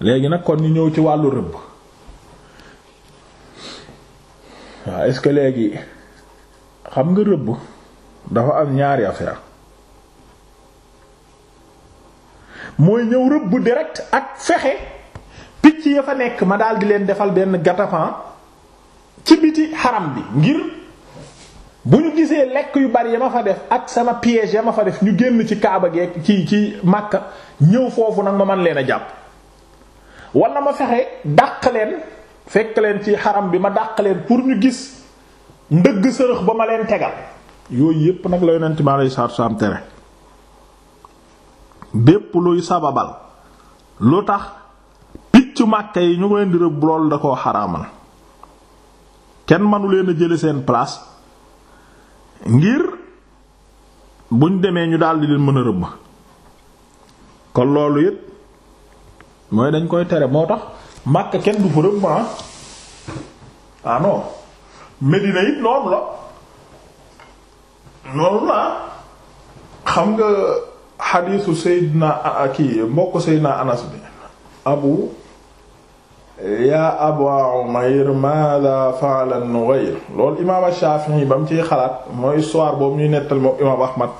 léegi nag kon ñu ñëw ci wàllu rëbb waaw est léegi xam nga rëbb dafa am ñaari affaire mooy ñëw rëbb direct ak fexe picc ya fa nekk ma daal di leen defal benn gatapan ci biti xaram bi ngir bu ñu gisee lekk yu bari ya ma fa def ak sama piège ya ma fa def ñu génn ci kaaba geek ci ci Makka ñëw foofu nag ma man leen a jàpp wala ma fexe dàq leen fekk leen ci xaram bi ma dàq leen pour ñu gis ndëgg sërëx ba ma leen tegal yooyu yépp nag la yonent mi alayhi salaatu salaam tere bépp luy sababal lu tax picc màkka yi ñu leen di rëbb lool da ko xaraamal kenn manu leen a jële seen place ngir buñ demee ñu daldi leen mën a rëbb kon loolu yépp mooy dañ koy tere moo tax Makka kenn du fa rëbb ah ah non noonu la noonu la ah. xam nga xadiisu Seydina kii mbokk Seydina Anas bi abu yaa ma Umayr maada fa'ala Nughayr loolu imaam Shaafi'i ba mu ciy xalaat mooy soir boobu ñuy nettal moom imaam Ahmad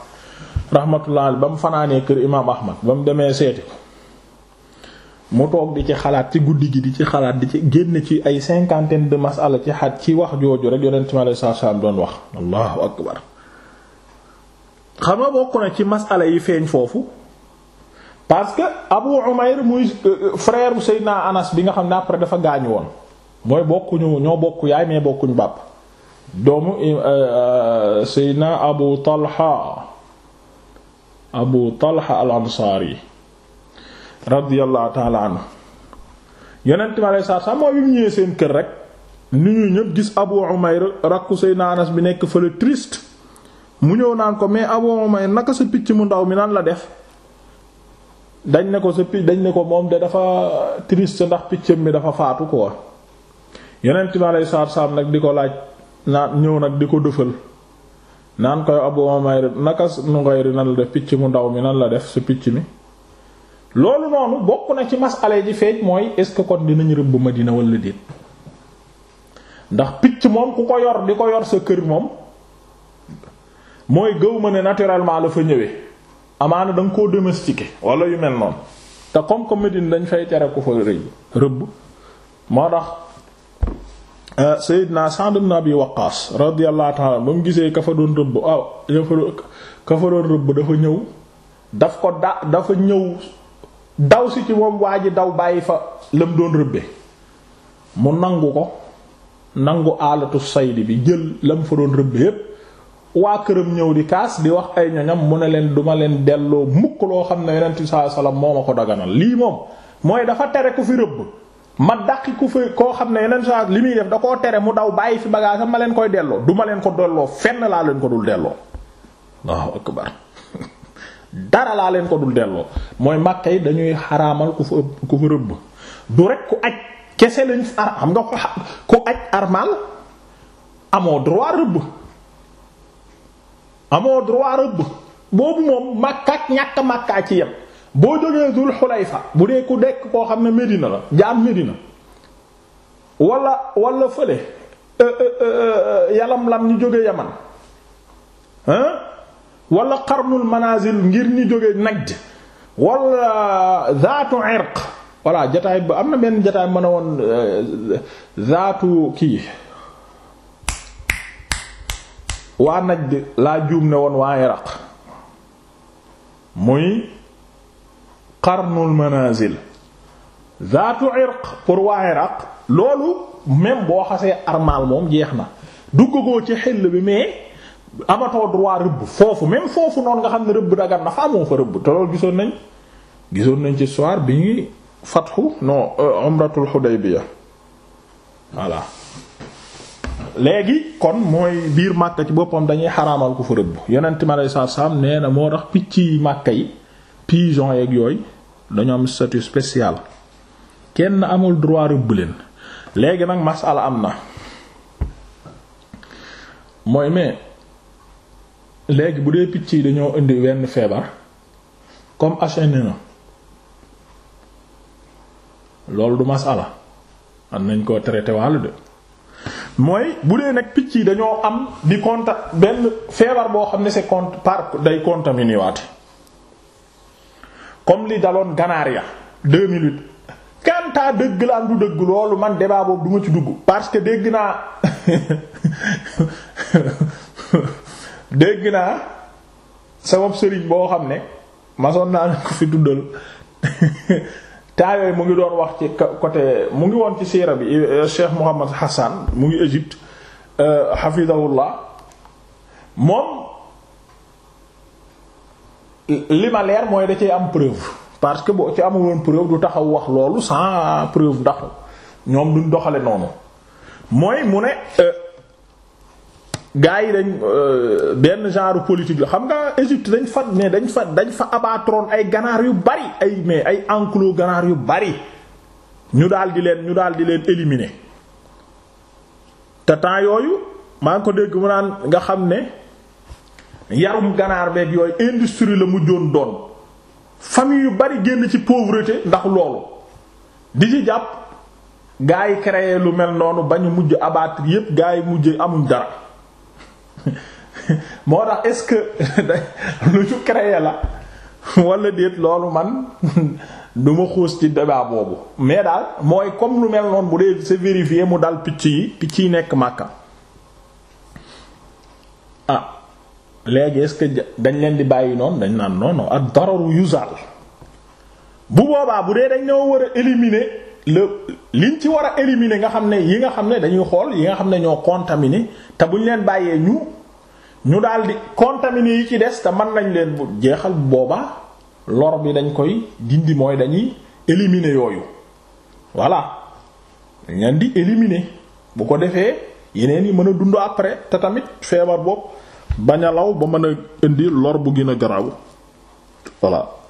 rahmatullah ba mu fanaanee kër imaam Ahmad ba mu demee seeti ko mu toog di ci xalaat ci guddi gi di ci xalaat di ci génn ci ay cinquantaine de masala ci xat ci wax jooju rek yonent mi alayhi salaam doon wax allahu akbar xam nga bokk na ci masala yi feeñ foofu parce que Abu Umayr muy euh, euh, frère Seydina Anas bi nga xam ne après dafa gaañu woon mooy bokkuñu ñoo bokk yaay mais bokkuñu bàpp doomu euh, Seydina Abu Talha Abu Talha al-Ansari radiyallahu ta'ala anhu yonent mi aleyhi salaatu salaam mooy bi mu ñëwee seen kër rek ni ñu ñëpp gis Abu Umayr rakku Seydina Anas bi nekk fële triste mu ñëw naan ko mais Abu Umayr naka sa picc mu ndaw mi naan la def dañ ne ko sa picc dañ ne ko moom de dafa triste ndax piccam mi dafa faatu quoi yonent mi aleyhi salaatu salaam nag di ko laaj naan ñëw nag di ko dëfal naan koy Abu Umayr naka nu Ghayr nan la def picc mu ndaw mi nan la def sa picc mi. loolu noonu bokk na ci masale ji feeñ mooy est-ce que kon dinañ rëbb Madina wala déet ndax picc moom ku ko yor di ko yor sa kër moom mooy gëw ma ne naturellement la fa ñëwee amaana da nga koo domestiqué wala yu mel noonu te comme que Médine dañ fay tere ko fa rëy rëbb moo tax euh, Seydina Sa'd bi Abi Waqqas radiyallahu ta'ala ba mu gisee ka fa doon rëbb ah ka rëbb dafa ñëw daf ko da dafa ñëw daw si ci moom waa ji daw bàyyi fa lam doon rëbbe mu nangu ko nangu alatu saydi bi jël lam fa doon rëbbe yépp waa këram ñëw di kaas di wax ay ñoñam mu ne leen duma leen delloo mukk loo xam ne yonent bi sallallahu alayhi wasallam moo ma ko daganal lii moom mooy dafa tere ku fi rëbb ma dàqi ku fi koo xam ne yonent bi li muy def da koo tere mu daw bàyyi fi bagage ma leen koy delloo duma leen ko delloo fenn laa leen ko dul delloo Allahu akbar dara laa leen ko dul delloo mooy Makka yi dañuy xaraamal ku fa ku fa rëbb du rek ku aj kese lañu ar xam amoo droit rëbb amoo droit rëbb boobu moom Makka ñàkk Makka ci yem boo jógee Dul Xulayfa bu dee ku dekk koo xam ne Medina la jaam Medina wala wala fële e, e, e, yalam lam ñu jóge yaman hein wala qarnul manazil ngir ñu jóge Najd wala zaatu irq voilà jataay ba am na benn jataay mën a woon euh, zaatu kii waa Najd laa juum ne woon waa iraq muy qarnul manazil zaatu irq pour waa iraq loolu même boo xasee armal moom jeex na duggagoo ci xel bi mais amatoo droit rëbb foofu même foofu noonu nga xam ne rëbb dagan na fa amoo fa rëbb te loolu gisoon nañ gisoon nañ ci soir bi ñuy fatxu non euh, umratul Hudaybiya voilà léegi kon mooy biir Makka ci boppam dañuy xaraamal ko fa rëbb yonent mi alayhi salaatu salaam nee na moo tax picc yi Makka yi pigeon yeeg yooyu dañu am statut spécial kenn amul droit rëbb leen léegi nag masala am na mooy mais. léegi bu dee picc yi dañoo indi wenn feebar comme h 1 n loolu du masala am nañ koo traité wàll de mooy bu dee nag picc yi dañoo am di contact benn feebar boo xam ne c'est compte par day contaminé waate comme li daloon ganaar ya 2008 kantaa dëgg la du dëgg loolu man débat boobu du ci dugg parce que dégg naa dégg naa sama sëriñ boo xam ne masoon naa ne ko fi tuddal taayooy mu ngi doon wax ci côté mu ngi woon ci siira bi Cheikh Mouhamad Hassan mu ngi Égypte euh, hafizahullah moom li ma leer mooy da cee am preuve parce que boo ci amuloon preuve du taxaw wax loolu sans preuve ndax ñoom duñ doxale noonu mooy mu ne euh, gaa yi dañ euh, benn genre politique la xam nga Égypte dañ fa ne dañ fa dañ fa abatroon ay ganaar yu bari ay mais ay enclos ganaar yu bari ñu daal di leen ñu daal di leen éliminer te temps yooyu maa ngi ko dégg mu naan nga xam ne yarum ganaar beeg yooyu industrie la mujjoon doon famille yu bari génn ci pauvreté ndax loolu di ci jàpp gaa yi créer lu mel noonu ba ñu mujj abattre yépp gaa yi mujj amuñ dara. moo tax est-ce que lu ñu créé la walla déet loolu man du ma xuus ci débat boobu mais daal mooy comme lu mel noonu bu dee c'est mu daal picc yi picc yi nekk Makka ah léegi est-ce que dañ leen di bàyyi noon dañ naan non non ad dararu yuzal bu boobaa bu dee dañ ñoo war a éliminer le liñ ci war a éliminer nga xam ne yi nga xam ne dañuy xool yi nga xam ne ñoo contaminé te bu ñu leen bàyyee ñu ñu daal di contaminé yi ci des te man nañ leen bu jeexal booba lor bi dañ koy dindi mooy dañuy éliminer yooyu voilà dañ leen di éliminer bu ko defee yeneen yi mën a dund après te tamit feebar bopp bañ a law ba mën a indi lor bu gën a garaaw voilà.